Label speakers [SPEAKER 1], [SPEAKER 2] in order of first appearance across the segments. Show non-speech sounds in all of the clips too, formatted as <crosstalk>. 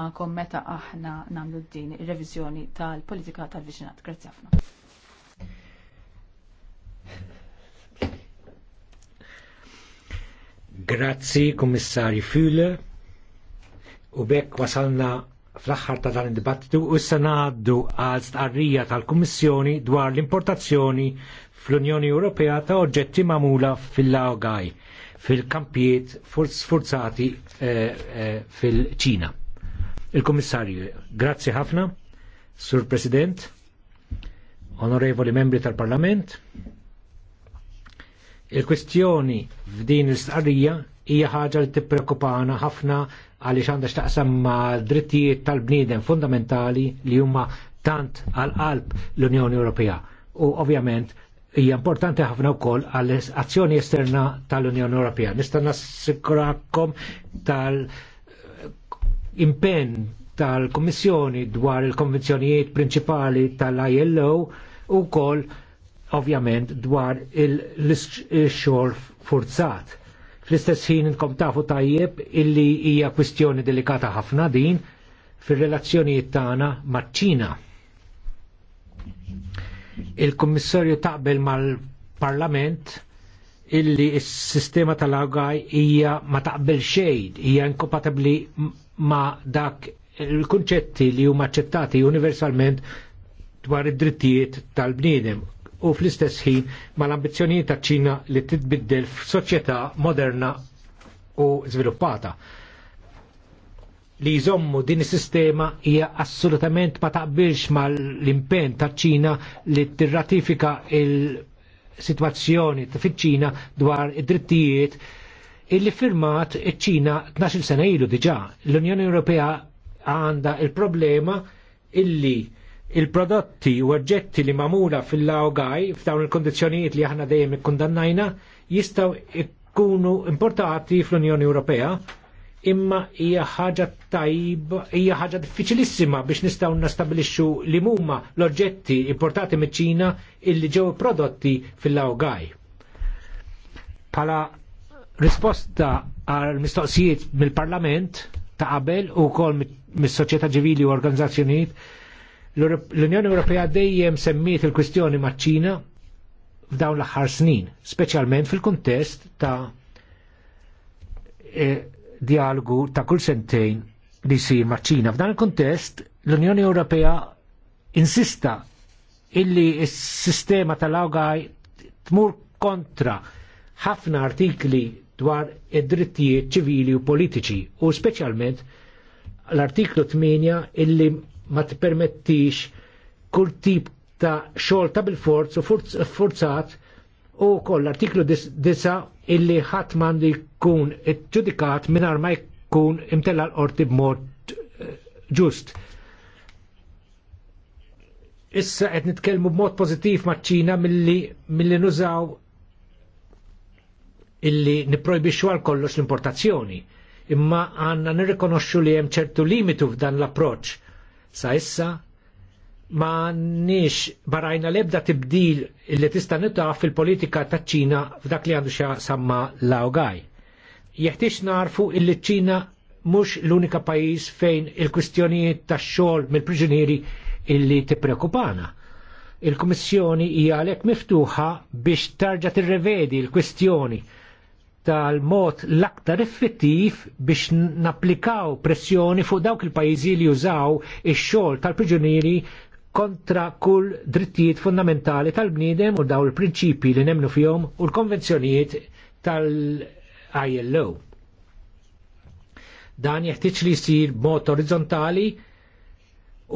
[SPEAKER 1] ma'kom meta aħna namlu din ir-reviżjoni tal-politika tal-viċinat. Grazzi ħafna.
[SPEAKER 2] Grazzi, Kummissarju Füle. U bekk wasalna fl-aħħar ta' dan id-dibattitu u s-sanaddu għal stqarrija tal-Kummissjoni dwar l-importazzjoni fl-Unjoni Ewropea ta' oġġetti magħmula fil-Laogaj fil-kampijiet forzati eh, eh, fil-Ċina. Il-Komissarju, grazzi ħafna, Sur President, onorevoli membri tal-Parlament. Il-kwestjoni f'din l-istqarrija hija ħaġa li tippreokkupana ħafna għaliex għandha x'taqsam ma' drittijiet tal-bniedem fundamentali li huma tant għal-qalb l-Unjoni Ewropea. U ovvjament hija importanti ħafna wkoll għall azzjoni esterna tal-Unjoni Ewropea. Nista' nassikurakom tal-, -tal impenn tal-Kommissjoni dwar il-konvenzjonijiet prinċipali tal-ILO u kol ovvjament dwar il-xor forzat. Fl-istess ħin inkom tafu tajjeb illi hija kwistjoni delikata ħafna din fir-relazzjonijiet tagħna maċ-Ċina. Il-Kummissarju taqbel mal-Parlament illi s-sistema tal-awgaj hija ma taqbel xejn, hija inkompatibbli ma' dak il-kunċetti li huma aċċettati universalment dwar id-drittijiet tal-bniedem u fl-istess ħin ma l-ambizzjonijiet ta' ċina li titbiddel f'soċjetà moderna u żviluppata. Li jżommu din is-sistema hija assolutament ma taqbilx mal-impenn ta' ċina li tirratifika il-sitwazzjoni fiċ-Ċina dwar id-drittijiet illi firmat iċ-Ċina 12 sena ilu diġà. L-Unjoni Ewropea għandha il-problema illi il-prodotti u oġġetti li mamula fil-lawgaj f'dawn il-kondizjonijiet li aħna dejjem ikkundannajna jistaw ikkunu importati fl-Unjoni Ewropea imma hija ħaġa tajba, hija ħaġa diffiċilissima biex nistgħu nastabilixxu li huma l-oġġetti importati miċ-Ċina illi ġew prodotti fil-Lawgaj. Pala risposta għal mistoqsijiet mill-Parlament ta' qabel u kol mis-soċjetà ċivili u organizzazzjonijiet l-Unjoni Ewropea dejjem semmiet il-kwistjoni maċ-Ċina f'dawn l-aħħar snin, speċjalment fil-kuntest ta' eh, dialogu ta' kull sentejn li jsir maċ-Ċina. F'dan il-kuntest l-Unjoni Ewropea insista illi s-sistema tal-awgaj tmur kontra ħafna artikli dwar id-drittijiet ċivili u politiċi u speċjalment l-artiklu 8 illi ma tpermettix kull tip ta' xogħol ta' bil-forz u forzat u koll l-artiklu 9 illi ħadd m'għandi jkun iġġudikat mingħajr ma jkun imtella l-qorti b'mod eh, ġust. Issa qed nitkellmu b'mod pożittiv maċ-Ċina milli milli nużaw illi niprojbixxu għal kollox l-importazzjoni. Imma għanna nirrikonoxxu li hemm ċertu limitu f'dan l-approċċ. Sa issa ma nix barajna lebda tibdil illi tista' nitaf fil-politika taċ ċina f'dak li għandu xa samma Laogaj. Jeħtiex narfu illi ċina mhux l-unika pajjiż fejn il-kwistjonijiet tax-xogħol mill-priġunieri illi tippreokupana il-Kummissjoni hija għalhekk miftuħa biex tarġa tirrevedi l-kwistjoni tal-mod l-aktar effettiv biex napplikaw pressjoni fuq dawk il-pajjiżi li jużaw ix-xogħol tal-priġunieri kontra kull drittijiet fundamentali tal-bniedem u daw il-prinċipi li nemnu fihom u l-konvenzjonijiet tal-ILO. Dan jeħtieġ li jsir mod orizzontali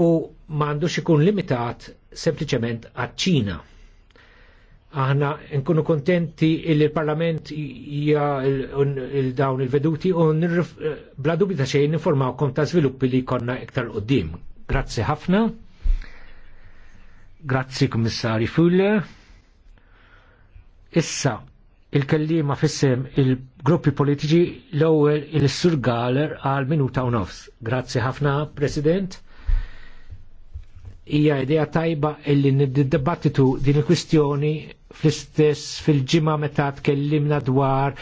[SPEAKER 2] u m'għandux ikun limitat sempliċement għat ċina aħna nkunu kontenti il l-Parlament hija il-dawn il-veduti u bla dubita ta' xejn kom ta' żviluppi li konna iktar qoddim. Grazzi ħafna. Grazzi Kummissari Fuller. Issa il-kellima fissem il-gruppi politiċi l-ewwel il-Sur Galer għal minuta u nofs. Grazzi ħafna, President hija idea tajba illi niddibattitu din il-kwistjoni fl-istess fil-ġimgħa meta tkellimna dwar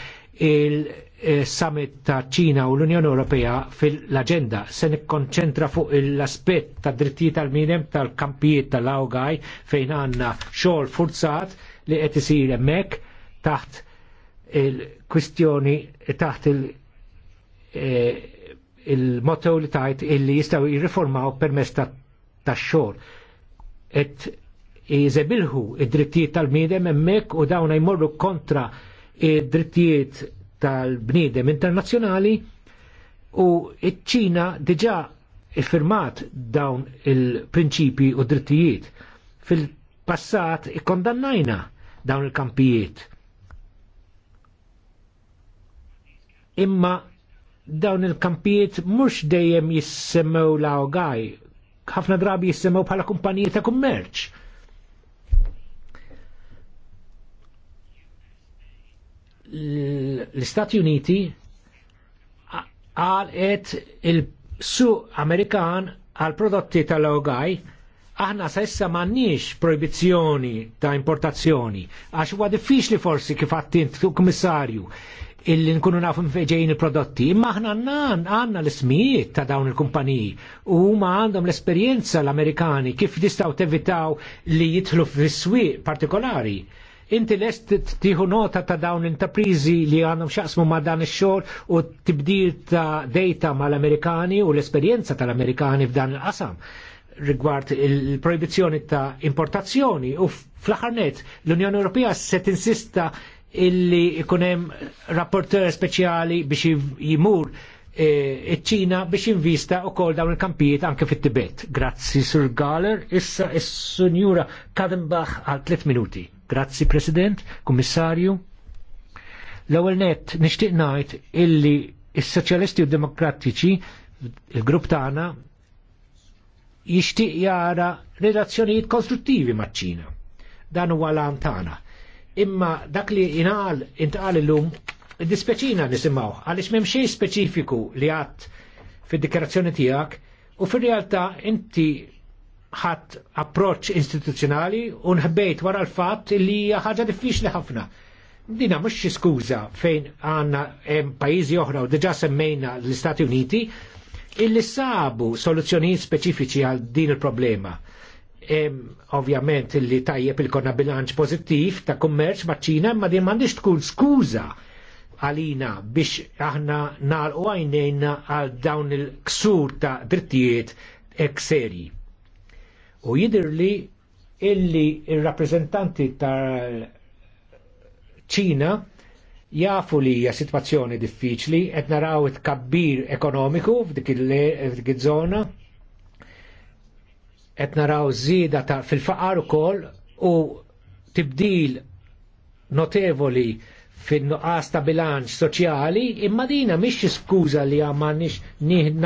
[SPEAKER 2] il-summit eh, ta' ċina u l-Unjoni Ewropea fil-agenda se nikkonċentra fuq l-aspett ta' drittijiet tal minem tal-kampijiet tal-awgaj fejn għandna xogħol forzat li qed isir hemmhekk taħt il-kwistjoni taħt il-, eh, il motto li tajt illi jistaw jirriformaw permess ta' tax-xogħol. Et jizebilħu id-drittijiet tal-bniedem hemmhekk u dawn jmorru kontra id-drittijiet tal-bniedem internazzjonali u iċ-Ċina diġà iffirmat dawn il-prinċipi u drittijiet. Fil-passat ikkondannajna dawn il-kampijiet. Imma dawn il-kampijiet mhux dejjem jissemmew la ogaj ħafna drabi jissemmew bħala kumpaniji ta' kummerċ. L-Istati Uniti għalqet il su Amerikan għal prodotti tal-ogaj aħna sa issa m'għandniex proibizzjoni ta' importazzjoni għax huwa diffiċli forsi kif għattint kummissarju illi nkunu nafu mfeġejn il-prodotti. Imma aħna nan għanna l-ismijiet ta' dawn il-kumpaniji u ma għandhom l-esperienza l-Amerikani kif jistaw tevitaw li jitlu fis partikolari. Inti lest tiħu nota ta' dawn l-intaprizi li għandhom xaqsmu ma' dan ix-xogħol u tibdil ta' data mal-Amerikani u l-esperjenza tal-Amerikani f'dan il-qasam rigward il-proibizjoni ta' importazzjoni u fl-aħħar l-Unjoni Ewropea se tinsista illi ikunem rapporter speċjali biex jimur eh, iċ-ċina biex invista u kol dawn il-kampijiet anke fit tibet Grazzi, Sur Galler. Issa, il sunjura Kadenbach għal 3 minuti. Grazzi, President, Kommissarju. L-ewel net, nishtiq najt illi il soċjalisti u Demokratiċi, il-grupp tagħna, jixtieq jara relazzjonijiet konstruttivi maċ-Ċina. Dan huwa l-antana imma dak li inqal intqal illum dispeċina nisimgħu għaliex m'hemm xejn speċifiku li għadd fid-dikarazzjoni tiegħek u fir-realtà inti ħadd approċċ istituzzjonali u nħebbejt wara l-fatt li hija ħaġa diffiċli ħafna. Dina mhux xi skuża fejn għandna hemm pajjiżi oħra u diġà semmejna l-Istati Uniti illi sabu soluzzjonijiet speċifiċi għal din il-problema ovvjament li tajjeb il-konna bilanċ pozittiv ta' kummerċ ma' ċina, ma' din m'għandix tkun skuża għalina biex aħna u għajnejna għal dawn il-ksur ta' drittijiet ekseri. U li illi il-rappresentanti tal-ċina jafu li hija situazzjoni diffiċli qed naraw it-kabbir ekonomiku f'dik iż-żona qed naraw żieda ta' fil-faqar ukoll u tibdil notevoli fin-nuqqas ta' bilanċ soċjali, imma dina mhix skuża li nix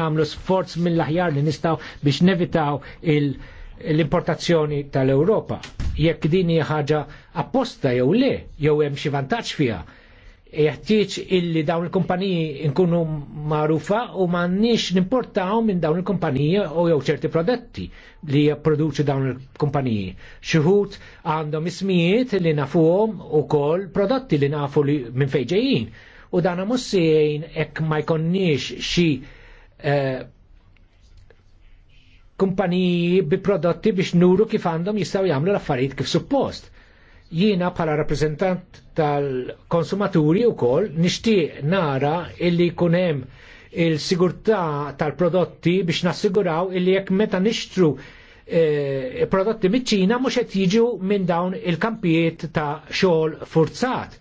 [SPEAKER 2] namlu sforz mill-aħjar li nistaw biex nevitaw l-importazzjoni tal-Ewropa. Jekk din ħaġa apposta jew le, jew hemm xi vantaġġ fiha jeħtieġ illi dawn il-kumpaniji nkunu magħrufa u m'għandniex nimportaw minn dawn il-kumpaniji u jew ċerti prodotti li jipproduċu dawn il-kumpaniji. Xuħut għandhom ismijiet li nafuhom ukoll prodotti li nafu li minn fejn U dan mhux ek ma jkonniex xi eh, kumpaniji bi prodotti biex nuru kif għandhom jistgħu jagħmlu l-affarijiet kif suppost jiena bħala rappresentant tal-konsumaturi u kol nishtiq nara illi kunem il-sigurtà tal-prodotti biex nassiguraw illi jekk meta nixtru eh, prodotti miċ-Ċina mhux qed jiġu minn dawn il-kampijiet ta' xogħol forzat.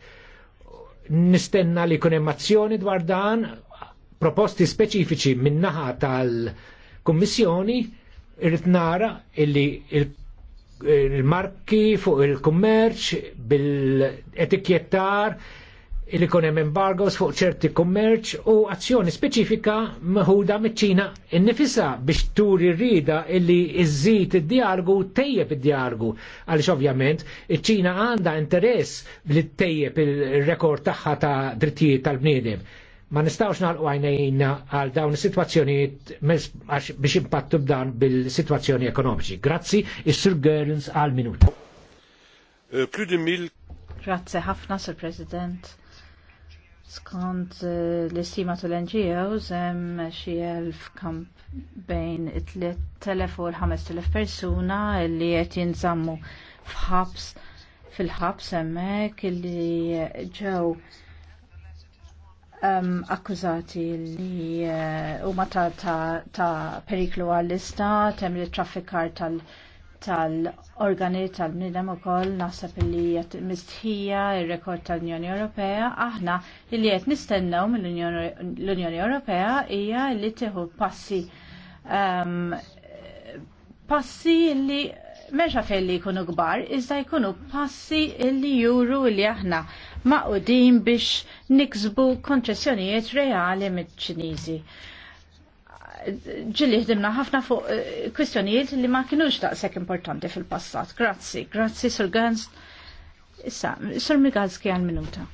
[SPEAKER 2] Nistenna li jkun hemm azzjoni dwar dan proposti speċifiċi min-naħa tal-Kummissjoni irrit nara illi il il-marki fuq il-kummerċ bil-etikjettar il ikun hemm embargos fuq ċerti kummerċ u azzjoni speċifika meħuda miċ-Ċina innifisha biex turi rrida illi iżżid id-dialogu tejjeb id-dialogu. Għaliex ovvjament iċ-Ċina għandha interess li tejjeb il-rekord tagħha ta' drittijiet tal-bniedem ma nistawx nalqu għajnejna għal dawn is-sitwazzjonijiet biex impattu b'dan bil-sitwazzjoni ekonomiċi. Grazzi, is-Sir Gerens għal minuta.
[SPEAKER 3] Eh,
[SPEAKER 1] Grazzi ħafna, Sir President. Skont eh, l-istima tal-NGOs hemm xi elf kamp bejn 3,000 u 5,000 persuna li qed jinżammu f'ħabs fil-ħabs hemmhekk li ġew um, akkużati li uh, huma uh, ta', ta, ta periklu għall lista tem li traffikar tal- tal-organi tal-bnidem u koll nasab li jett mistħija il-rekord tal-Unjoni Ewropea, aħna li jett nistennaw mill-Unjoni Ewropea hija li tieħu passi um, passi li meċa fej li jkunu gbar, iżda jkunu passi li juru li aħna maqudin biex niksbu konċessjonijiet reali mit ċinizi Ġilli ħdimna ħafna fuq eh, kwistjonijiet li ma kienux daqshekk importanti fil-passat. Grazzi, grazzi Sir Gans. Issa, Sur Migalski għal minuta.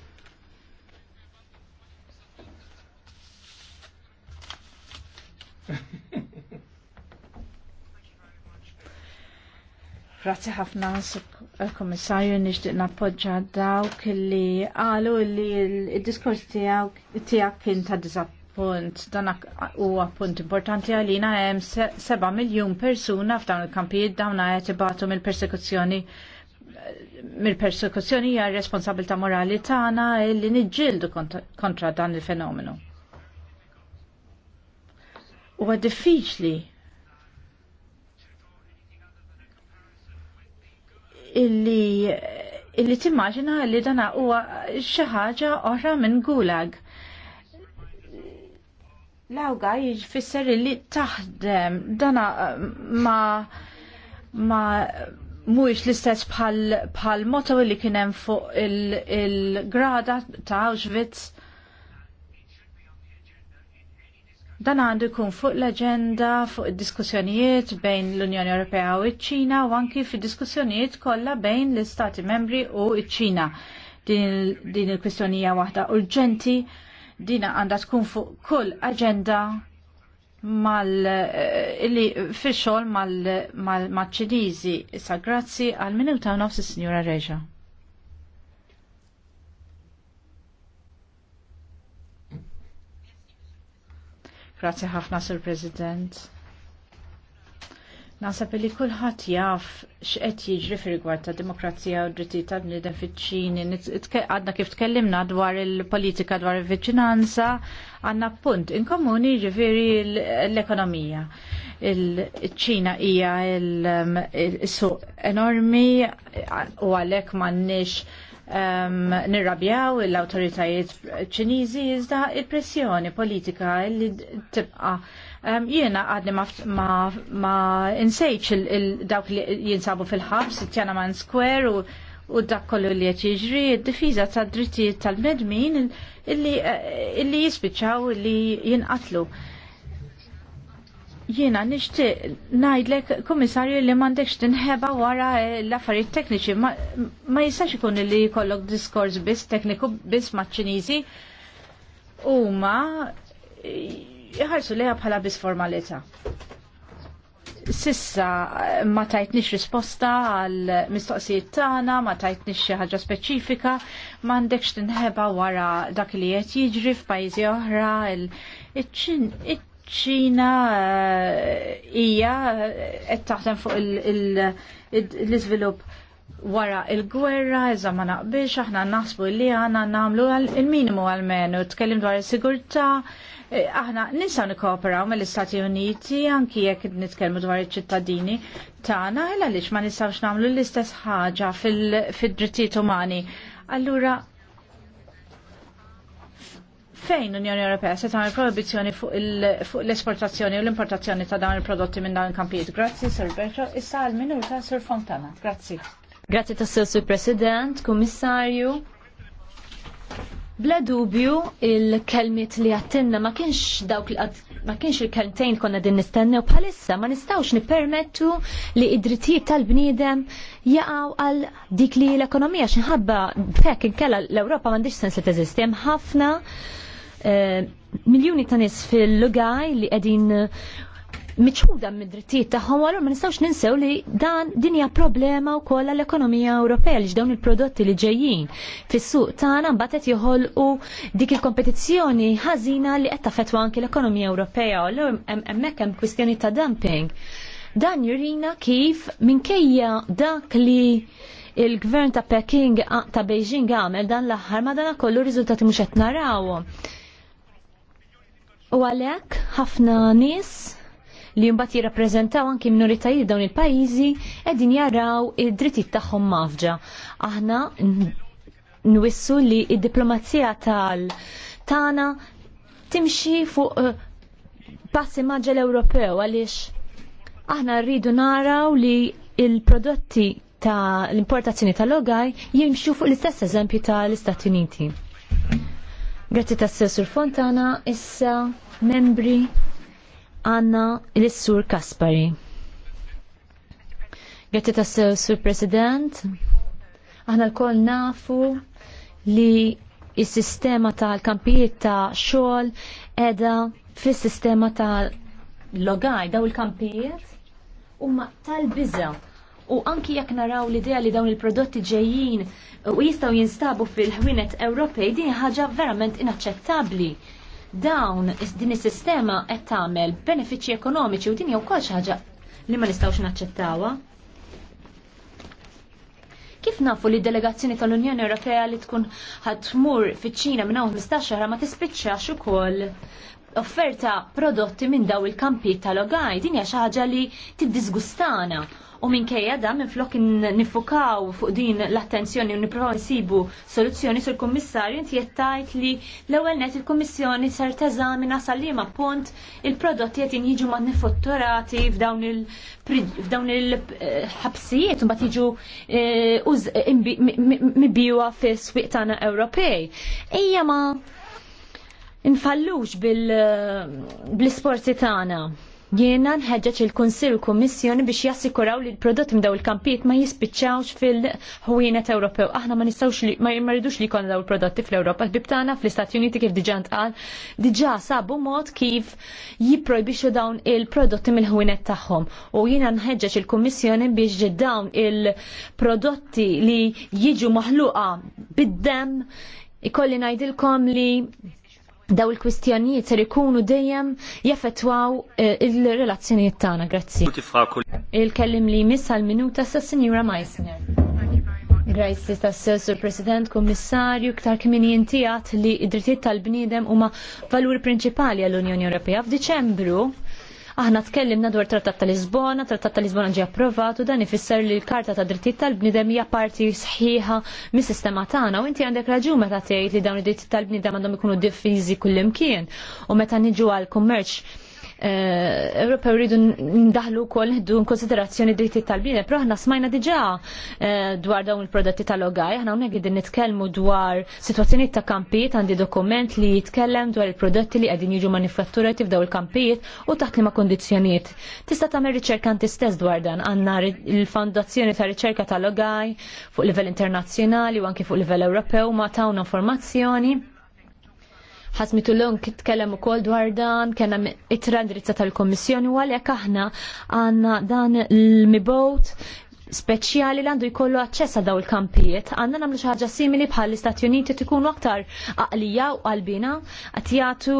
[SPEAKER 1] <laughs> Grazzi ħafna, Sir komissarju nixtieq nappoġġa dawk li qalu li l-diskors tiegħek kien ta' disappunt. Dan huwa punt importanti għalina hemm 7 miljun persuna f'dawn il-kampijiet dawn qed ibatu mill-persekuzzjoni mill-persekuzzjoni hija responsabilità morali tagħna li niġġieldu kontra dan il-fenomenu. Huwa diffiċli illi illi timmaġina li dana huwa xi ħaġa oħra minn gulag. Lawga jifisser li taħdem dana um, ma ma mhuwiex l-istess bħal bħal moto li kien hemm fuq il-grada il ta' Auschwitz Dan għandu jkun fuq l-agenda, fuq id-diskussjonijiet bejn l-Unjoni Ewropea u ċ-Ċina u anki fi diskussjonijiet kollha bejn l-Istati membri u ċ-Ċina. Din il-kwistjonija waħda urġenti, din għandha tkun fuq kull agenda mal eh, illi fi xogħol mal-Ċiniżi. Issa grazzi għal minuta nofs is-Sinjura Reġa. Grazie ħafna, Sir President. Nasab li kullħat jaf x'qed jiġri fir-rigward ta' demokrazija u d-dritti ta' bniedem fiċ-Ċini. Għadna kif tkellimna dwar il-politika dwar il-viċinanza, għandna punt inkomuni ġifieri l-ekonomija. Il-Ċina hija il-suq enormi u għalhekk m'għandniex um, nirrabjaw l-autoritajiet ċiniżi iżda il-pressjoni politika li tibqa. Um, jiena għadni ma, ma, ma insejċ dawk li jinsabu fil-ħabs, Tiananmen Square u u dak kollu li qed jiġri d-difiża tad-drittijiet tal-medmin eh, illi jispiċċaw illi jinqatlu. Jiena nixtieq ngħidlek kummissarju li m'għandekx tinħeba wara eh, l-affarijiet tekniċi. Ma, jistax ikun li jkollok diskors biss tekniku biss maċ-Ċiniżi huma eh, jħarsu leha bħala biss formalità. Sissa eh, ma tajtnix risposta għal mistoqsijiet tagħna, ma tajtnix xi ħaġa speċifika, m'għandekx tinħeba wara dak li qed jiġri f'pajjiżi oħra, it-ċin ċina eh, hija eh, qed taħdem fuq l-iżvilupp wara il-gwerra, iż ma naqbilx, aħna naħsbu li għana namlu il-minimu għal-menu, tkellim dwar il-sigurta, eh, aħna nisaw nikooperaw mill-Istati Uniti, anki jekk nitkellmu dwar iċ-ċittadini tagħna, għaliex ma nistgħux nagħmlu l-istess ħaġa fid drittijiet umani. Allura, fejn l-Unjoni Ewropea se tagħmel proibizzjoni fuq l-esportazzjoni u l-importazzjoni ta' dawn il-prodotti minn dawn il-kampijiet. Grazzi, Sir Berto. Issa għal minuta Sir Fontana. Grazzi.
[SPEAKER 3] Grazzi ta' Sir President, Kummissarju. Bla dubju il-kelmiet li għattinna ma kienx dawk ma kienx il-kelmtejn konna din nistennew bħalissa ma nistawx nippermettu li id-drittijiet tal-bniedem jaqaw għal dik li l-ekonomija xinħabba fekk inkella l-Ewropa m'għandix sens li teżisti hemm ħafna Eh, miljoni ta' nies fil-lugaj li qegħdin eh, miċħuda mid-drittijiet tagħhom allura ma nistgħux ninsew li dan din hija problema wkoll għall ekonomija Ewropea li dawn il-prodotti li ġejjin fis-suq tagħna mbagħad qed joħolqu dik il-kompetizzjoni ħażina li qed tafetwa anke l-ekonomija Ewropea u hemmhekk hemm kwistjoni ta' dumping. Dan jurina kif minkejja dak li il-gvern ta' Peking ta' Beijing għamel dan l-aħħar ma dan kollu riżultati mhux qed narawhom U għalhekk ħafna nies li mbagħad jirrappreżentaw anki minoritajiet dawn il-pajjiżi qegħdin jaraw id-drittijiet tagħhom mafġa. Aħna nwissu li id-diplomazija tal tana timxi fuq eh, passi l Ewropew għaliex aħna rridu naraw li il-prodotti ta' l-importazzjoni tal-logaj jimxu fuq l-istess eżempju tal-Istati Uniti. Grazzi ta' sessur Fontana, issa membri Anna l-Sur Kaspari. Grazzi tas-sessur President, aħna l kol nafu li il-sistema tal-kampijiet ta' xogħol edha fis-sistema tal-logaj daw il-kampijiet huma tal-biża' u anki jekk naraw l-idea li dawn il-prodotti ġejjin uh, u jistaw jinstabu fil-ħwienet Ewropej din ħaġa verament inaċċettabbli. Dawn din is-sistema qed tagħmel benefiċċji ekonomiċi u din hija wkoll ħaġa li ma nistgħux naċċettawha. Kif nafu li delegazzjoni tal-Unjoni Ewropea li tkun ħatmur fiċ-Ċina minn hawn 15 xahra ma tispiċċax ukoll offerta prodotti minn daw il-kampi tal-ogaj, din hija xi ħaġa li tiddisgustana u minkejja da minn flok nifukaw fuq din l-attenzjoni u niprofaw nsibu soluzzjoni sur kummissarju inti jettajt li l-ewwel net il-Kummissjoni ser teżamina sal-liema punt il-prodotti qed jiġu ma f'dawn il-f'dawn il-ħabsijiet u bat jiġu mibjuwa fis-swieq tagħna Ewropej. Ejja ma nfallux bil-sporti eh, tagħna Jiena nħeġġeġ il-Kunsil u Kummissjoni biex jassikuraw li l-prodotti mdaw il-kampijiet ma jispiċċawx fil-ħwienet Ewropew. Aħna ma nistawx li ma jmarridux li jkollna daw il-prodotti fl-Ewropa. Bibtana fl-Istati Uniti kif diġà ntqal, diġa' sabu mod kif jipprojbixxu dawn il-prodotti mill-ħwienet tagħhom. U jiena nħeġġeġ il-Kummissjoni biex dawn il-prodotti li jiġu maħluqa bid-dem ikolli ngħidilkom li daw il-kwistjonijiet ser ikunu dejjem jaffettwaw eh, il-relazzjonijiet tagħna, grazzi. Il-kellim li jmiss għal-minuta sa' Sinjura Meissner. Grazzi ta' s-sessur President, Kommissarju, ktar kmini jintijat li id-drittijiet tal-bniedem huma valur prinċipali għall-Unjoni Ewropea. F'Diċembru Aħna tkellimna dwar Trattat tal Lisbona, Trattat tal Lisbona ġie approvat u dan ifisser li l-Karta ta' Drittijiet tal bnidem hija parti sħiħa mis-sistema tagħna u inti għandek raġun meta tgħid li dawn id-drittijiet tal bnidem għandhom ikunu diffiżi kullimkien u meta niġu għall kummerċ Eh, Ewropa rridu ndaħlu kol ħdu konsiderazzjoni dritti tal-bini, però ħna smajna diġa eh, dwar dawn il-prodotti tal-ogaj, ħna hawnhekk għidin nitkelmu dwar situazzjoni ta' kampijiet għandi dokument li jitkellem dwar il-prodotti li għedin jiġu manifatturati f'daw il-kampijiet u taħt liema kondizjoniet. Tista' tagħmel riċerkanti stess dwar dan għandna il-Fondazzjoni ta' Riċerka tal-Ogaj fuq livell internazzjonali u anke fuq livell Ewropew ma tawna informazzjoni ħasmitu l-lum kitkellem u kol dwar dan, kena itra indirizza tal-Komissjoni u għalek aħna għanna dan l-mibot speċjali li għandu jkollu aċċessa daw il-kampijiet, għanna namlu xaħġa simili bħal l-Istati Uniti tikunu aktar għalija u qalbina, eh, għatijatu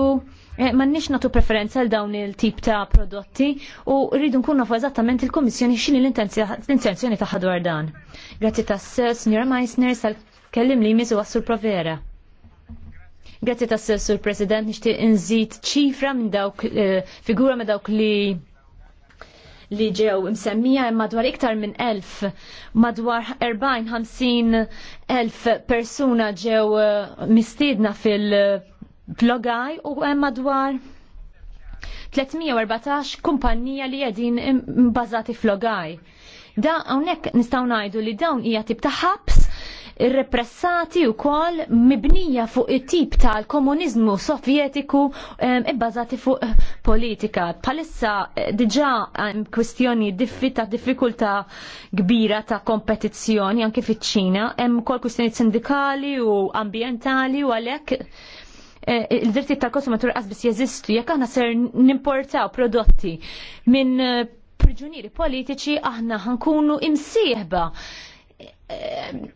[SPEAKER 3] mannix natu preferenza l dawn il-tip ta' prodotti u rridu nkun nafu eżattament il-Komissjoni xini l-intenzjoni ta' dwar dan. Grazzi tas, signora Meisner, sal-kellim li jmizu għassur provera. Grazzi ta' sur President, nixtieq inżid ċifra minn dawk, eh, figura minn dawk li li ġew hemm madwar iktar minn elf, madwar 40-50 elf persuna ġew eh, mistiedna fil-blogaj u hemm madwar 314 kumpanija li qegħdin mbażati flogaj. Da hawnhekk nistgħu ngħidu li dawn hija tip ta' ħabs irrepressati wkoll mibnija fuq it-tip tal-komuniżmu sovjetiku ibbazati fuq eh, politika. Palissa eh, diġà hemm kwistjoni ta' diffikultà kbira ta' kompetizzjoni anke fiċ-Ċina, hemm ukoll kwestjoni sindikali u ambjentali u għalhekk eh, il-dritti tal-konsumatur qasbis jeżistu jekk aħna ser nimportaw prodotti minn priġunieri politiċi aħna ħankunu imsieħba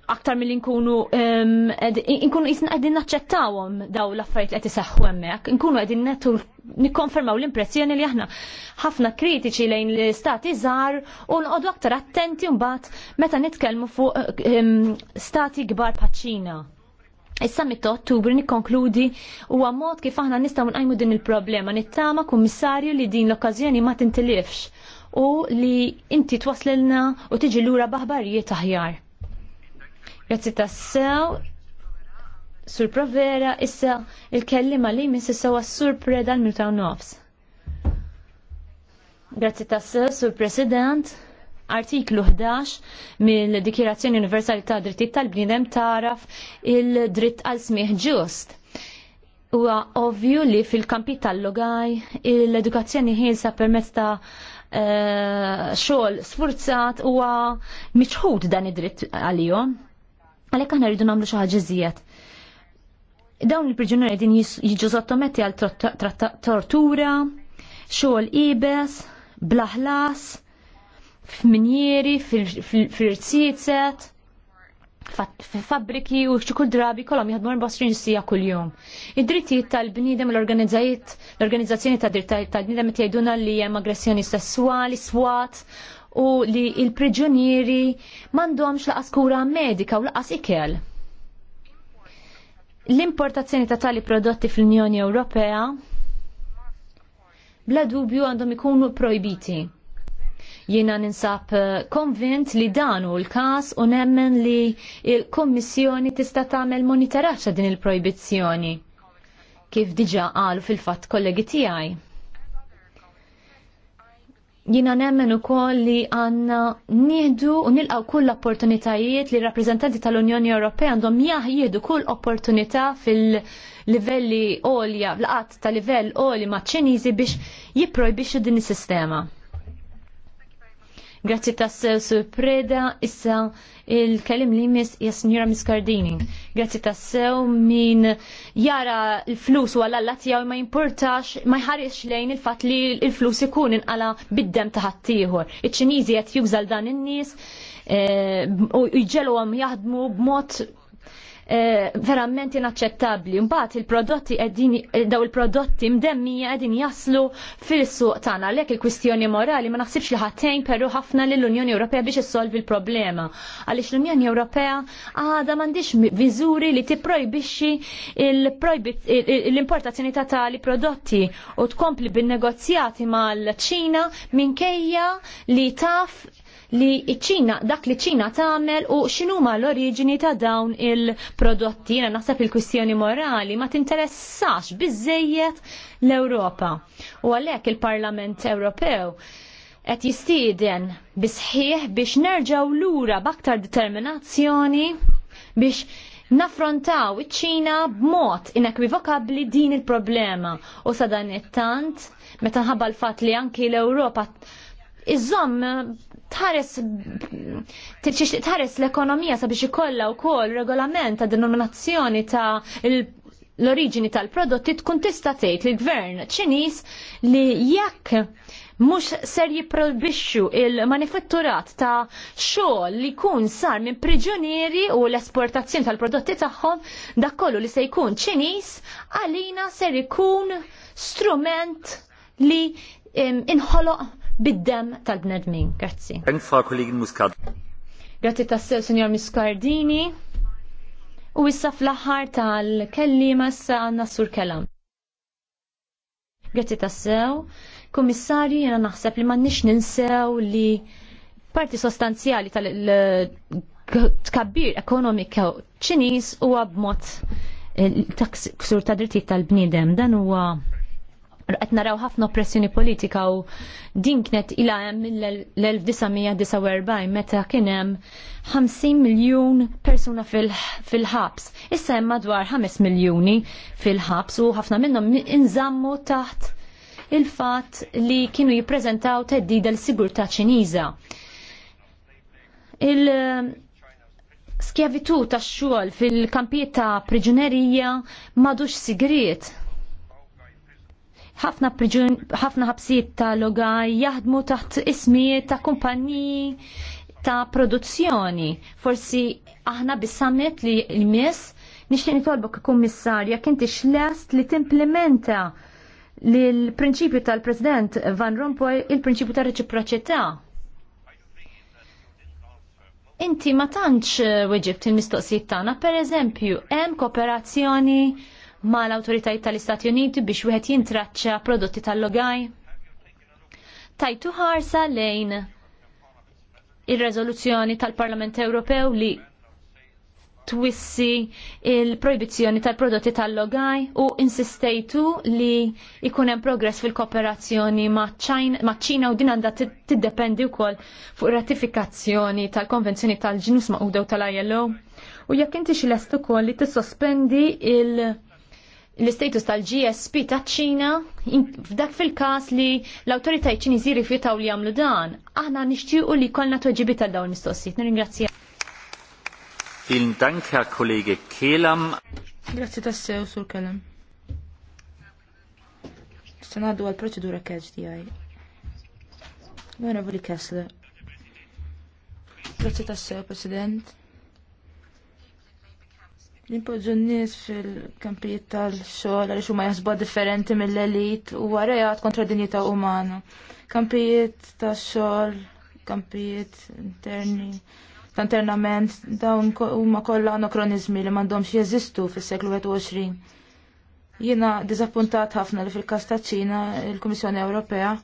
[SPEAKER 3] aktar mill nkunu nkunu jisna għedin naċċettawhom daw l-affarijiet qed isaħħu hemmhekk, Inkunu qegħdin nettu nikkonfermaw l-impressjoni li aħna ħafna kritiċi lejn l-istati żgħar u nqogħdu aktar attenti mbagħad meta nitkellmu fuq stati kbar is Issa ta' ottubru nikkonkludi huwa mod kif aħna nistgħu nqajmu din il-problema nittama kummissarju li din l-okkażjoni ma tintilifx u li inti twaslilna u tiġi lura baħbarijiet aħjar. Grazzi tassew, sur provera, issa il-kellima li minn sissa sur preda l-minuta u nofs. Grazzi tassew, sur president, artiklu 11 mill-Dikirazzjoni Universali ta' Drittijiet tal bnidem taraf il-dritt għal smieħ ġust. Huwa ovvju li fil-kampi tal-logaj l-edukazzjoni ħielsa permezz ta' xogħol sfurzat huwa miċħud dan id-dritt għalihom. Għalhekk aħna rridu nagħmlu xi ħaġa iżjed. Dawn il-priġunieri din jiġu sottometti għal tortura, xogħol ibes, blaħlas, f'minjeri, fil-rsiet, fabbriki u xċikur drabi kolom jħadmu 24 sija kull-jum. Id-drittijiet tal-bnidem l-organizzazzjoni ta' drittijiet tal-bnidem jgħiduna li hemm aggressjoni sessuali, swat u li il-priġunieri m'għandhomx laqas kura medika u laqas ikel. L-importazzjoni ta' tali prodotti fl-Unjoni Ewropea bla dubju għandhom ikunu projbiti Jiena ninsab eh, konvint li dan hu l-każ u nemmen li l-Kummissjoni tista' tagħmel monitoraġġ din il-projbizzjoni kif diġa qalu fil-fatt kollegi tiegħi. Jiena nemmen ukoll li għandna nieħdu u nilqgħu kull opportunitajiet li rappreżentanti tal-Unjoni Ewropea għandhom jaħjiedu kull opportunità fil- livelli olja, qatt ta' livell olja ma' ċinizi biex jipprojbixxu din is-sistema. Grazzi tassew Sur Preda, issa il-kelim li mis jasnjura Miskardini. Grazzi tassew min jara l-flus u għalla tijaw ma importax, ma jħarix lejn il-fat li l-flus ikun inqala biddem taħattijħor. Iċ-ċinizi jett jużal dan in-nis eh, u jġelu għam jaħdmu b'mod Eh, verament inaċċettabbli. Mbagħad il-prodotti qegħdin eh, daw il-prodotti mdemmija qegħdin jaslu fil-suq tagħna għalhekk il-kwistjoni morali ma naħsibx li ħattejn peru ħafna lill-Unjoni Ewropea biex issolvi l-problema. Għaliex l-Unjoni Ewropea għadha m'għandix viżuri li tipprojbixxi l-importazzjoni ta' tali prodotti u tkompli bin-negozjati mal-Ċina minkejja li taf li ċina dak li ċina tagħmel u x'inhuma l-oriġini ta' dawn il-prodotti. Jiena naħseb il-kwistjoni morali ma tinteressax bizzejiet l-Ewropa. U għalhekk il-Parlament Ewropew qed jistieden bisħieħ biex l lura b'aktar determinazzjoni biex naffrontaw iċ-ċina b'mod inekwivokabbli din il-problema u sadan it-tant meta nħabba l-fatt li anki l-Ewropa iżomm tħares tħares l-ekonomija sabiex ikollha wkoll regolament ta' denominazzjoni ta' l-oriġini tal-prodotti tkun tista' tgħid lill-gvern Ċinis li jekk mhux ser jipprobixxu il-manifatturat ta' xogħol li jkun sar minn priġunieri u l-esportazzjoni tal-prodotti tagħhom dak kollu li se jkun Ċiniż għalina ser ikun strument li inħoloq bid-dem tal-bnedmin. Grazzi. Grazzi tassew, Signor Muscardini. U issa fl-aħħar tal-kellima issa għanna sur kelam. Grazzi tassew. Komissari, jena naħseb li mannix ninsew li parti sostanzjali tal-tkabbir ekonomika ċinis u għabmot eh, ta' ksur ta' drittijiet tal-bnidem dan huwa qed naraw ħafna oppressjoni politika u din kienet ila mill-1949 meta kien hemm 50 miljun persuna fil-ħabs. Issa hemm madwar 5 miljuni fil-ħabs u ħafna minnhom inżammu taħt il-fatt li kienu jippreżentaw teddida l-sigurtà Ċiniża. Il skjavitu tax xogħol fil-kampijiet ta' priġunerija madux sigriet ħafna ħafna ħabsijiet ta' logaj jaħdmu taħt ismijiet ta' kumpanji ta' produzzjoni. Forsi aħna bis-summit li mis nixtieq nitolbok kummissarja kien lest li timplementa l-prinċipju tal-President Van Rompuy il-prinċipju ta' reċiproċità. Inti ma tantx weġibt il-mistoqsijiet tagħna, pereżempju, hemm kooperazzjoni ma' l-autoritajiet tal-Istati Uniti biex wieħed jintraċċa prodotti tal-logaj? Tajtu ħarsa lejn ir-reżoluzzjoni tal-Parlament Ewropew li twissi il-proibizzjoni tal-prodotti tal-logaj u insistejtu li ikunem hemm progress fil-kooperazzjoni ma' ċina u din għandha tiddependi wkoll fuq ratifikazzjoni tal-konvenzjoni tal-ġinus ma' u tal-ILO. U jekk inti xilest ukoll li tissospendi il- l-istatus tal-GSP ta' ċina f'dak fil-kas li l-autoritajt ċiniżi rifjutaw li jagħmlu dan. Aħna nixtiequ li kollna toġibi tal dawn mistoqsijiet. Nirringrazzja.
[SPEAKER 2] Vielen Dank, Herr Kollege Kelam.
[SPEAKER 3] Grazie sew sur Kelam.
[SPEAKER 4] Sanadu għal-proċedura kħeġ di għaj. Għana voli Kessler. Grazie ta' sew, President. Nimpoġġu n-nies fil-kampijiet tal-xogħol għaliex huma jaħsbu differenti mill-elit u għarajat kontra dinjita umana. Kampijiet tax-xogħol, kampijiet interni, ta' internament, dawn huma kollha anokronizmi li m'għandhomx jeżistu fis-seklu 21. Jiena diżappuntat ħafna li fil-każ ta' Ċina il-Kummissjoni Ewropea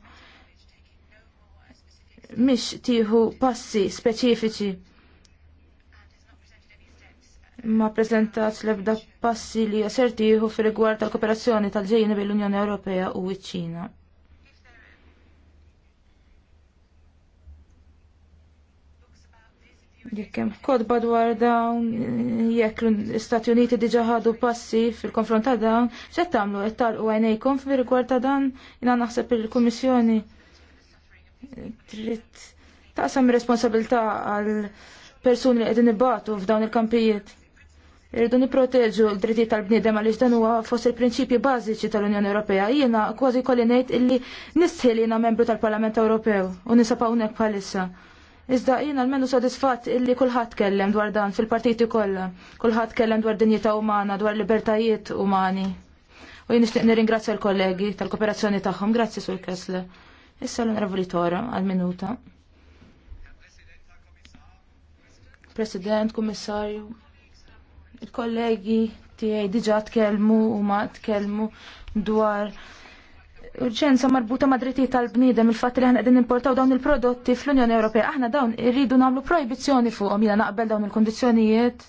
[SPEAKER 4] mhix tieħu passi speċifiċi ma prezentat lebda passi li assertiħu fi rigward tal-kooperazzjoni tal-ġejjini bejn l-Unjoni Ewropea u ċ-Ċina. Jekk hemm kodba dwar dawn, jekk l-Istati Uniti diġà ħadu passi fil-konfront ta' dawn, x'qed tagħmlu qed tarqu għajnejkom fi rigward ta' dan jiena naħseb il-Kummissjoni trid taqsam responsabilità għal persuni li qegħdin ibatu f'dawn il-kampijiet. Irridu niproteġu l-drittijiet tal-bniedem għaliex dan huwa fost il-prinċipji bażiċi tal-Unjoni Ewropea. Jiena kważi kolli ngħid illi nissil jiena membru tal-Parlament Ewropew u nisab hawnhekk bħalissa. Iżda jiena almenu sodisfatt illi kulħadd kellem dwar dan fil-partiti kollha. Kulħadd kellem dwar dinjità umana, dwar libertajiet umani. U jien nixtieq nirringrazzja l-kollegi tal-kooperazzjoni tagħhom. Grazzi sur Kessler. Issa l-onorevoli Tora għal-minuta. President, Kummissarju, Il-kollegi tiegħi diġà tkellmu u ma tkellmu dwar urġenza marbuta ma' drittijiet tal-bniedem il-fatt li aħna qegħdin importaw dawn il-prodotti fl-Unjoni Ewropea. Aħna dawn irridu nagħmlu projbizzjoni fuqhom jiena naqbel dawn il kundizzjonijiet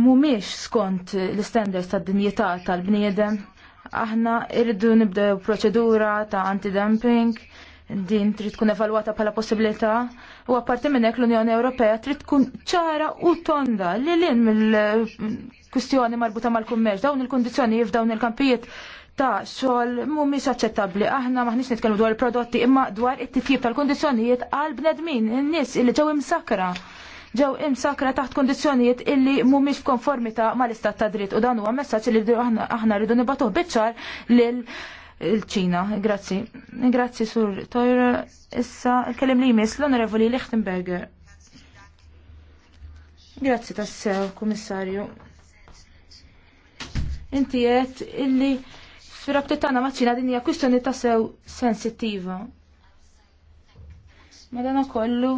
[SPEAKER 4] Mhumiex skont l-istandards tad-dinjità tal-bniedem. Aħna irridu nibdew proċedura ta' antidumping din trid tkun evalwata bħala possibilità u apparti minn hekk l-Unjoni Ewropea trid tkun ċara u tonda li lin mill-kwistjoni marbuta mal-kummerċ dawn il-kundizzjonijiet f'dawn il-kampijiet ta' xogħol mhumiex aċċettabbli. Aħna maħniex nitkellmu dwar il-prodotti imma dwar it-titjib tal-kundizzjonijiet għal bnedmin, in-nies illi ġew imsakra ġew imsakra taħt kondizjonijiet illi mhumiex f'konformità mal-istat ta' dritt u dan huwa messaġġ li aħna rridu nibatuh biċ-ċar lil il-ċina. Grazzi. Grazzi, Sur Tojra. Issa, kellim li jmiss l-Onorevoli Lichtenberger. Grazzi tassew, kommissarju. Inti qed illi fir rabtet tagħna maċ din hija kwistjoni tassew sensittiva. Madana kollu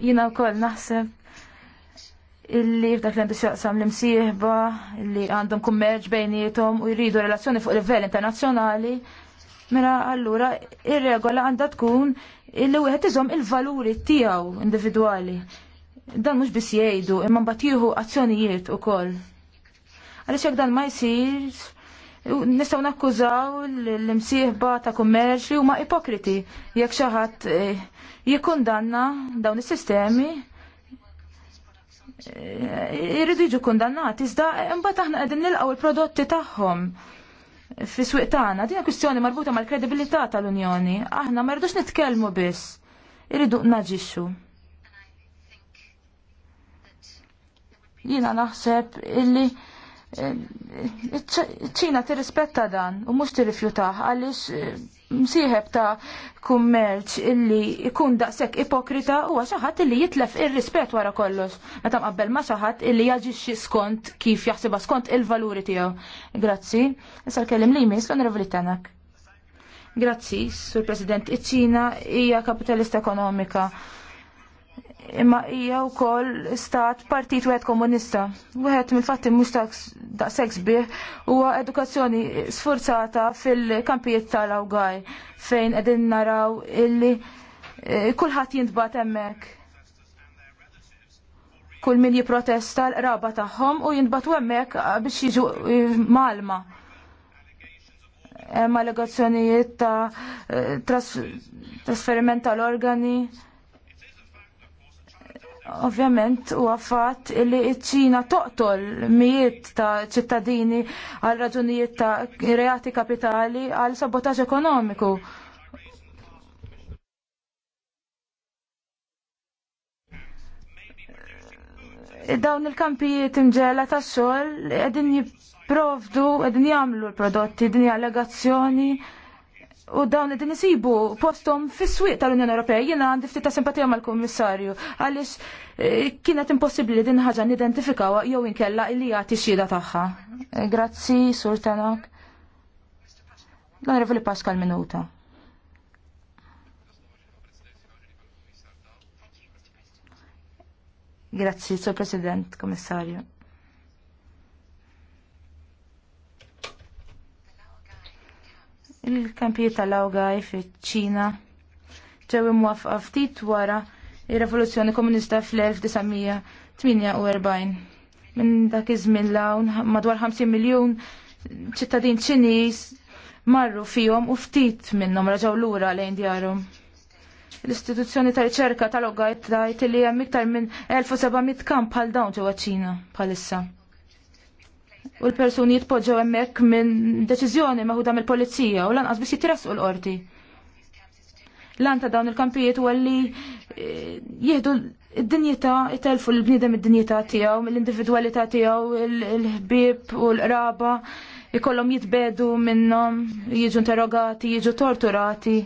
[SPEAKER 4] jiena wkoll naħseb illi f'dak li għandu xaqsam l-imsieħba illi għandhom kummerġ bejnietom u jridu relazzjoni fuq livell internazzjonali. Mela allura ir-regola għandha tkun illi wieħed iżom il-valuri tiegħu individwali. Dan mhux biss jgħidu imma mbagħad jieħu azzjonijiet ukoll. Għaliex hekk dan ma jsirx nistgħu nakkużaw l-imsieħba ta' kummerċ li huma ipokriti jekk xi ħadd eh, jikkundanna dawn is-sistemi irridu jiġu kundannati, iżda mbagħad aħna qegħdin nilqgħu l prodotti tagħhom fi swieq tagħna. Din kwistjoni marbuta mal-kredibilità tal-Unjoni. Aħna ma rridux nitkellmu biss, Iridu naġixxu. Jiena naħseb illi eh, ċina tirrispetta dan u mhux tirrifjutah għaliex eh, msieħeb ta' kummerċ illi ikun daqshekk ipokrita huwa xi ħadd illi jitlef ir-rispett wara kollox. Meta mqabbel ma' xaħat illi jaġixxi skont kif jaħsibha skont il-valuri tiegħu. Grazzi. Issa kellim li jmiss l-Onorevoli Tanak. Grazzi, Sur President, iċ-Ċina hija kapitalista ekonomika imma hija wkoll stat partit wieħed komunista. Wieħed mill-fatti mhux ta' sbieħ huwa edukazzjoni sforzata fil-kampijiet tal-Awgaj fejn qegħdin naraw illi eh, kulħadd jintbagħat hemmhekk. Kull min jipprotesta l-qraba tagħhom u jintbatu hemmhekk biex jiġu eh, malma. Hemm allegazzjonijiet ta' eh, trasferiment tal-organi. Ovvjament u għaffat li ċina toqtol mijiet ta' ċittadini għal raġunijiet ta' reati kapitali għal sabotaġġ ekonomiku. Dawn il-kampijiet imġela ta' xogħol qegħdin jipprovdu, qegħdin jagħmlu l-prodotti, din hija allegazzjoni u dawn id isibu postom fis-swieq tal-Unjoni Ewropea. Jiena għandi ftit ta' simpatija mal-Kummissarju għaliex eh, kienet impossibbli din ħaġa nidentifikaw jew inkella li jagħti xhieda tagħha. Eh, grazzi, Sur Tanak. L-Onorevoli Pascal Minuta. Grazzi, Sur President, Kommissarju. Il-kampijiet tal-awgaj fiċ-Ċina ġew imwafqa ftit wara ir-Revoluzzjoni Komunista fl-1948. Minn dak iż-żmien l-hawn madwar 50 miljun ċittadin Ċiniż marru fihom u ftit minnhom raġaw lura lejn djarhom. L-istituzzjoni ta' riċerka tal-ogajt tajt li hemm iktar minn 1700 kamp bħal dawn ġewwa Ċina bħalissa u l-persuni jitpoġġaw hemmhekk minn deċiżjoni meħuda mill-pulizija u lanqas biss jitrasqu l-qorti. Lan ta' dawn il-kampijiet u għalli eh, jieħdu id-dinjità, jitelfu l-bniedem id-dinjità tiegħu, mill-individwalità tiegħu, il-ħbieb u l-qraba, ikollhom jitbedu minnhom, jiġu interrogati, jiġu torturati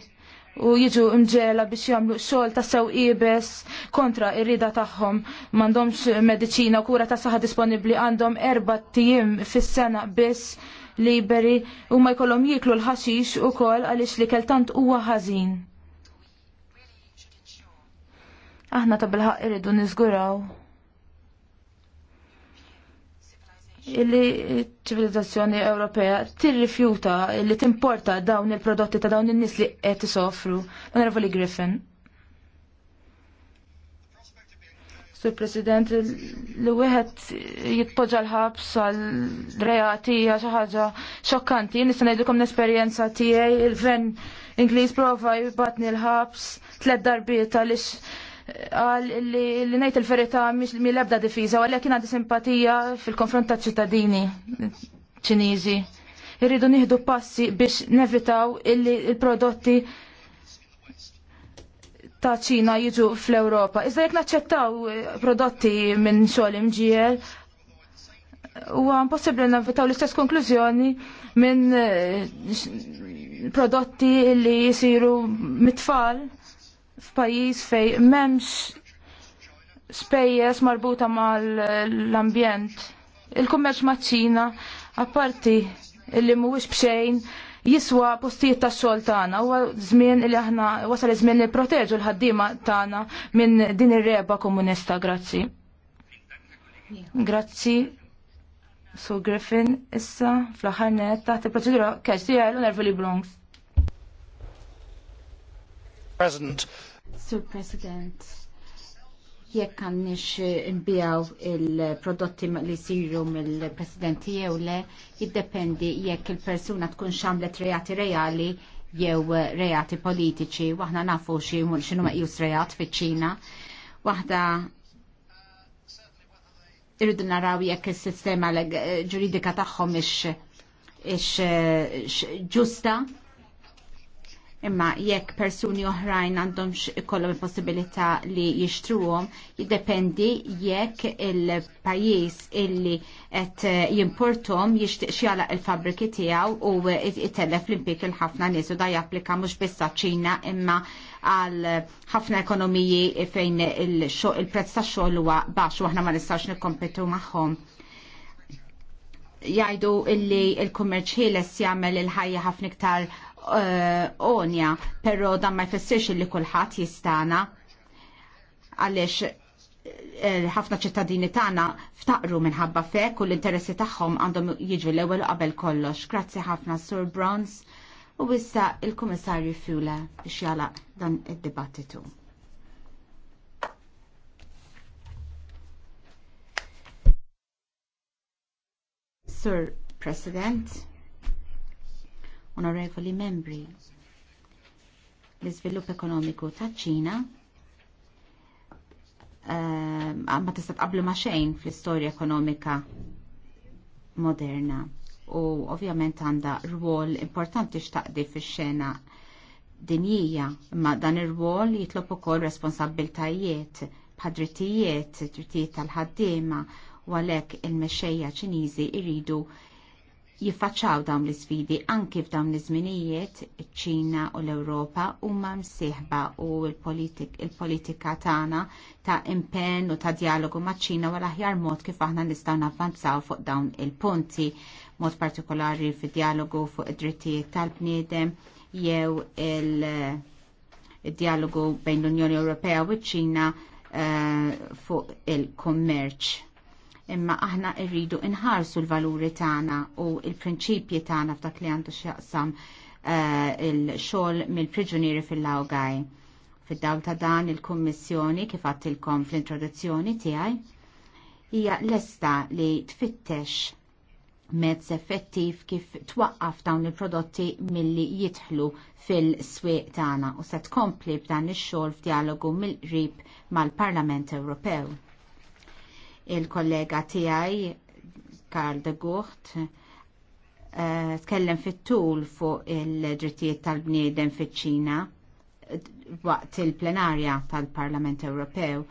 [SPEAKER 4] u jiġu mġela biex jagħmlu xogħol ta' sew ibes kontra ir-rida tagħhom. M'għandhomx mediċina u kura ta' saħħa disponibbli għandhom erba' tim fis-sena biss liberi u ma jkollhom jiklu l-ħaxix ukoll għaliex li keltant huwa ħażin. Aħna ta' bil irridu niżguraw illi ċivilizzazzjoni Ewropea tirrifjuta illi timporta dawn il-prodotti ta' dawn in-nies li qed isofru. Onorevoli Griffin. Sur President, li wieħed jitpoġġa l-ħabs għal reati hija xi ħaġa xokkanti. Nista' ngħidilkom l-esperjenza tiegħi il-gvern Ingliż prova jibatni l-ħabs tliet darbiet għaliex għal li ngħid il-verità mhix mill-ebda difiża għal kien għandi simpatija fil-konfront ta' ċittadini ċiniżi. Irridu nieħdu passi biex nevitaw illi il-prodotti ta' ċina jiġu fl-Ewropa. Iżda jekk naċċettaw eh, prodotti minn xogħol imġiel, huwa impossibbli navitaw l-istess konklużjoni minn eh, prodotti li jisiru mitfall f'pajjiż fej m'hemmx spejjeż marbuta mal-ambjent. Il-kummerċ maċ-Ċina, apparti illi mhuwiex bxejn, jiswa postijiet ta' xogħol tagħna. Huwa żmien li aħna wasal żmien li proteġu l-ħaddiema tagħna minn din ir-reba komunista, grazzi. Grazzi. Su Griffin issa fl-aħħar net taħt il-proċedura keċ tiegħi l-Nervi Bronx.
[SPEAKER 2] President,
[SPEAKER 5] Sur President, jekk għannix imbijaw il-prodotti li siru mill-presidenti jew le, jiddependi jekk il-persuna tkun xamlet reati reali jew reati politiċi. Waħna nafu xinu meqjus reat fiċ-ċina. Waħda irridu naraw jekk il-sistema ġuridika tagħhom ix ġusta Imma jekk persuni oħrajn għandhom ikollhom il-possibilità li jixtruhom, jiddependi jekk il-pajjiż illi qed jimportom jixtieq xjalaq il-fabriki tiegħu u itellef l-impik il-ħafna nies u da japplika mhux biss ċina imma għal ħafna ekonomiji fejn il-prezz tax-xogħol huwa baxx u aħna ma nistax nikkompetu magħhom jajdu illi il-kummerċ ħieles jagħmel il-ħajja ħafna iktar Eh, onja, pero dan ma jfessirx li kulħadd jistana għaliex eh, ħafna ċittadini tagħna ftaqru minħabba fek u l-interessi tagħhom għandhom jiġu l-ewwel qabel kollox. Grazzi ħafna Sur Browns u wissa il-Kummissarju Fjula biex jagħlaq dan id-dibattitu. Sir President, onorevoli membri. L-iżvilupp ekonomiku ta' ċina eh, ma tista' tqablu ma' xejn fl-istorja ekonomika moderna u ovvjament għandha rwol importanti xtaqdi fix-xena dinjija, imma dan ir-rwol jitlob ukoll responsabbiltajiet drittijiet drittijiet tal-ħaddiema u għalhekk il-mexxejja Ċiniżi jridu jiffaċċaw dawn l-isfidi anki f'dawn l-iżminijiet iċ-Ċina u l-Ewropa huma msieħba u l-politika tagħna ta' impenn u ta' dialogu ma' ċina wara aħjar mod kif aħna nistgħu navvanzaw fuq dawn il-punti mod partikolari fid-dialogu fuq id-drittijiet tal-bniedem jew il-dialogu bejn l-Unjoni Ewropea u ċ-Ċina uh, fuq il kummerċ imma aħna rridu inħarsu l-valuri tagħna u l-prinċipji tagħna f'dak li għandu x'jaqsam eh, il-xogħol mill-priġunieri fil-lawgaj. Fid-dawl ta' dan il-Kummissjoni kif għattilkom fl-introduzzjoni tiegħi hija lesta li tfittex mezz effettiv kif twaqqaf dawn il-prodotti milli jidħlu fil-swieq tagħna u se tkompli b'dan ix-xogħol f'dialogu mill-qrib mal-Parlament Ewropew il-kollega tiegħi Karl de Gucht eh, tkellem fit-tul fuq il-drittijiet tal-bniedem fiċ-Ċina eh, waqt il-plenarja tal-Parlament Ewropew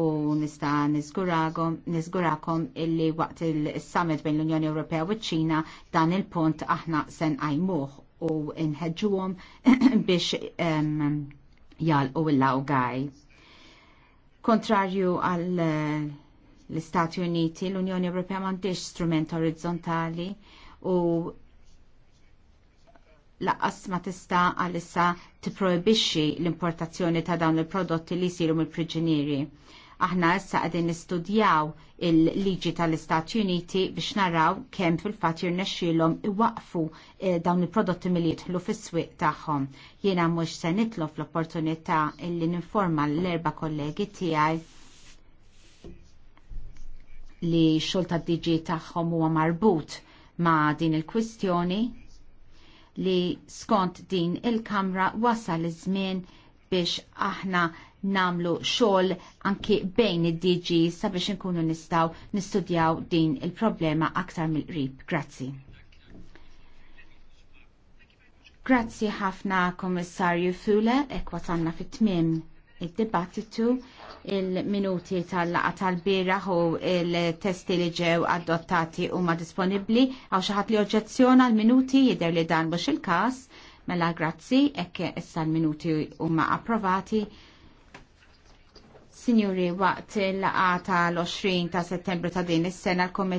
[SPEAKER 5] u nista nizgurakom illi waqt il-summit bejn l-Unjoni Ewropea u ċina dan il-punt aħna sen għajmuħ u nħedġuhom <clears throat> biex um, u l-lawgaj. Kontrarju għal eh, l-Istati Uniti, l-Unjoni Ewropea m'għandix strument orizzontali u laqqas ma tista' għalissa tipprojbixxi l-importazzjoni ta' dawn il-prodotti li jsiru mill-priġinieri. Aħna issa qegħdin nistudjaw il-liġi tal-Istati Uniti biex naraw kemm fil-fatt jirnexxielhom iwaqfu eh, dawn il-prodotti milli jidħlu fis-swieq tagħhom. Jiena mhux se nitlob l-opportunità illi ninforma l-erba' kollegi tiegħi li xolta diġi tagħhom huwa marbut ma' din il-kwistjoni li skont din il-kamra wasal iż-żmien biex aħna namlu xogħol anki bejn id-DG sabiex inkunu nistgħu nistudjaw din il-problema aktar mill-qrib. Grazzi. Grazzi ħafna Kommissarju Fule, ekwa tanna fit-tmim il dibattitu il-minuti tal-laqa tal bira u il-testi li ġew adottati u huma disponibbli għaw xi ħadd li oġezzjona l-minuti jidher li dan mhux il-każ mela grazzi hekk issa l-minuti huma approvati. Signori, waqt il-laqa tal-20 ta' settembru ta' din is-sena l